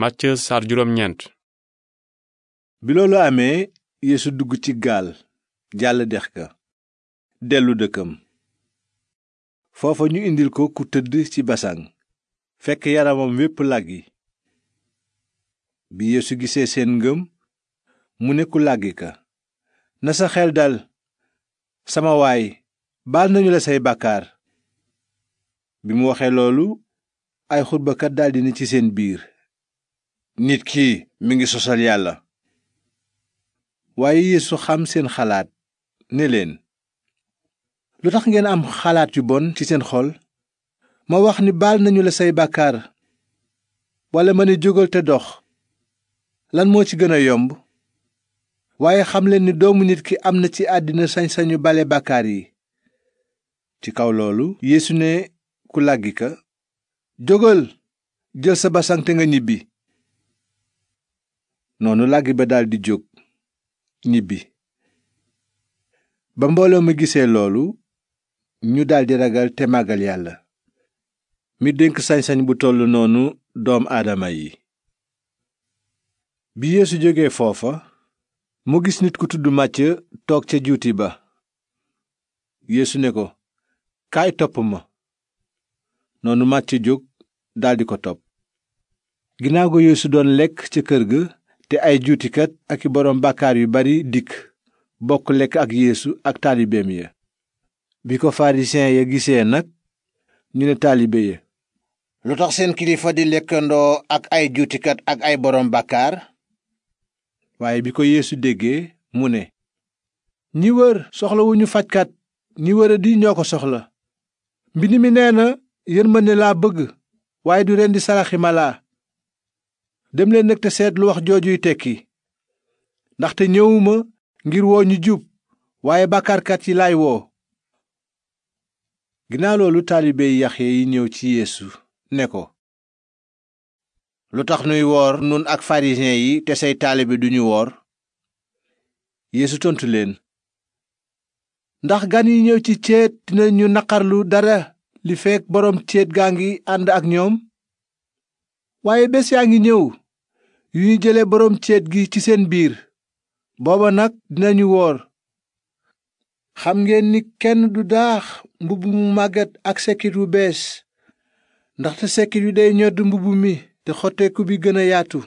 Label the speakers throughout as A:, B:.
A: Màcce sar juróom bi loolu amee Yeesu dugg ci gaal jàll dex ka dellu dëkkam foofa ñu indil ko ku tëdd ci basaŋ fekk yaramam wépp làggi bi Yeesu gisee seen ngëm mu ne ku làggi ka na sa xel dal sama waay baal nañu la say bàkkaar bi mu waxee loolu ay xutbakat daldi ne ci seen biir nit ki mi ngi sosal yàlla waaye yeesu xam seen xalaat ne leen lu tax ngeen am xalaat yu bon ci seen xol ma wax ni baal nañu la say bàkkaar walla ma ne jógal te dox lan moo ci gën a yomb waaye xam leen ni doomu nit ki am na ci àddina sañ-sañu bale bàkkaar yi ci kaw loolu yeesu ne ku làggi ka jógal jël sa basang te nga ñibbi noonu làggi ba daldi jóg ñibbi ba mbooloo ma gisee loolu ñu daldi ragal te màggal yàlla mi dénk sañ bu toll noonu doom aadama yi bi yeesu jóge foofa mu gis nit ku tudd màcc toog ca juuti ba yeesu ne ko kaay topp ma noonu màcc jóg daldi ko topp ginnaaw ga yeesu doon lekk ca kër ga te ay juutikat ak i boroom bàkkaar yu bari dikk bokk lekk ak yeesu ak taalibeem ya bi ko farisiyen ya gisee nag ñu ne taalibe ya lu tax seen kilifa di lekkandoo ak ay juutikat ak ay boroom bàkkaar waaye bi ko yéesu déggee mu ne ñi wër ñu fajkat ñi wëradi ñoo ko soxla mbind mi nee na yërmande laa bëgg waaye du rendi saraxi malaa dem leen nag te seet lu wax joojuy tekki ndaxte ñëwuma ngir woo ñu jub waaye bàkkaarkat yi lay woo ginnaaw loolu taalibe Yaxya yi ñëw ci Yeesu ne ko lu tax nuy woor nun ak farisiyen yi te say taalibe duñu woor Yeesu tontu leen ndax gan yi ñëw ci ceet dinañu naqarlu dara li fekk boroom ceet gaa ngi ànd ak ñoom waaye bés yaa ngi ñëw yu ñu jële boroom céet gi ci seen biir booba nag dinañu woor xam ngeen ni kenn du daax mbubb mu màggat ak sekkit wu bees ndaxte sekkit wi day ñodd mbubb mi te xotteeku bi gën a yaatu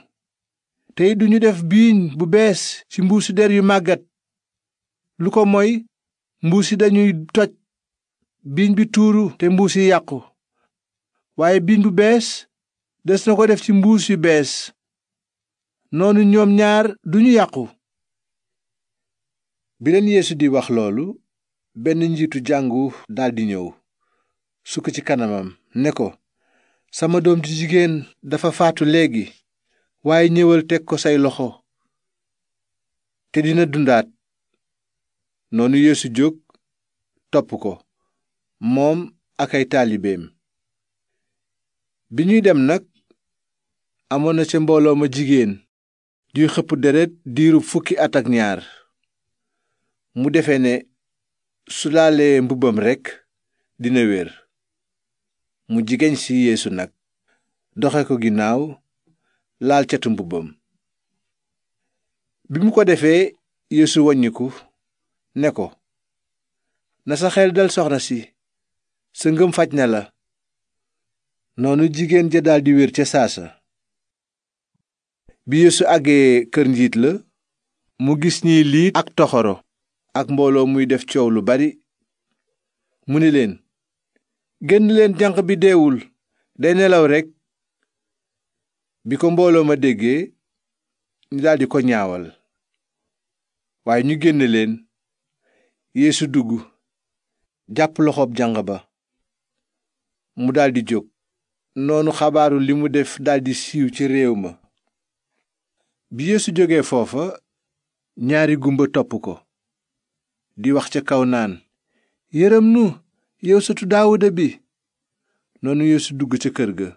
A: tey duñu def biiñ bu bees ci mbuusi der yu màggat lu ko moy mbuus yi dañuy toj biiñ bi tuuru te mbuus yi yàqu waaye biiñ bu bees des na ko def ci mbuus yu bees noonu ñoom ñaar duñu yàqu bi leen di wax loolu benn njiitu jàngu daldi ñëw sukk ci kanamam ne ko sama doom ji jigéen dafa faatu léegi waaye ñëwal teg ko say loxo te dina dundaat noonu yéesu jóg topp ko moom ak ay taalibeem bi ñuy dem nag amoon na ca mbooloo ma jigéen juy xëpp deret diiru fukki at ak ñaar mu defe ne su laalee mbubbam rekk dina wér mu jigéen ci yéesu nag doxe ko ginnaaw laal catu mbubbam bi mu ko defee yéesu waññiku ne ko na sa xel dal soxna si sa ngëm faj na la noonu jigéen ja daldi wér ca saasa bi yeesu àggee kër njiit la mu gis ñiy liit ak toxoro ak mbooloo muy def coow lu bari mu ni leen génn leen janq bi deewul day nelaw rekk bi ko mbooloo ma déggee ñu daldi ko ñaawal waaye ñu génn leen yéesu dugg jàpp loxoob janq ba mu daldi jóg noonu xabaaru li mu def daldi siiw ci réew ma bi yeesu jóge foofa ñaari gumba topp ko di wax ca kaw naan yërëm nu yow sëtu daawuda bi noonu yeesu dugg ca kër ga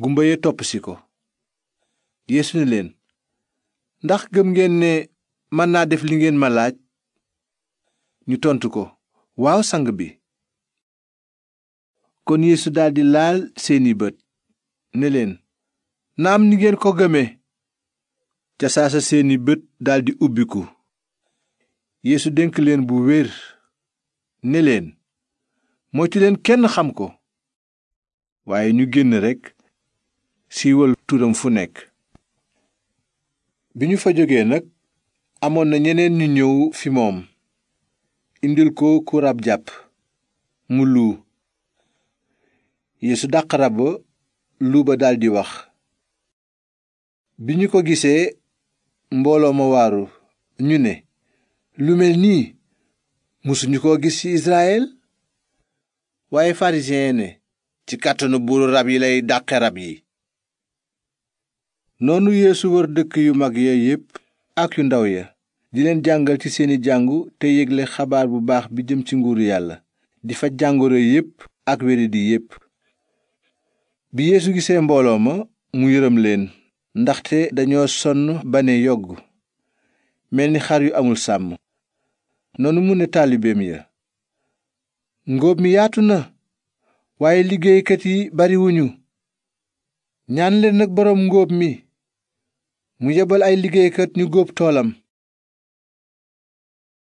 A: gumba ya topp si ko yeesu ne leen ndax gëm ngeen ne mën naa def li ngeen ma laaj ñu tontu ko waaw sang bi kon yeesu daldi laal seeni bët ne leen naam ni ngeen ko gëme ca saasa seeni bët daldi ubbiku yéesu dénk leen bu wéer ni leen moytu leen kenn xam ko waaye ñu génn rekk siiwal turam fu nekk bi ñu fa jógee nag amoon na ñeneen ñu ñëw fi moom indil ko ku rab jàpp mu luu yéesu dàq rab ba ba daldi wax mbooloo ma waaru ñu ne lu mel nii mësuñu koo gis ci Israël waaye pharisien ne ci kàttanu buuru rab yi lay dàqe rab yi noonu yeesu wër dëkk yu mag ya yépp ak yu ndaw ya di leen jàngal ci seeni jàngu te yégle xabaar bu baax bi jëm ci nguuru yàlla di faj jàngoro yépp ak wéridi yépp bi yeesu gisee mbooloo ma mu yërëm leen ndaxte dañoo sonn ba ne yogg mel ni xar yu amul sàmm noonu mu ne taalibeem ya ngóob mi yaatu na waaye liggéeykat yi bariwuñu ñaan leen boroom ngóob mi mu yebal ay liggéeykat ñu góob toolam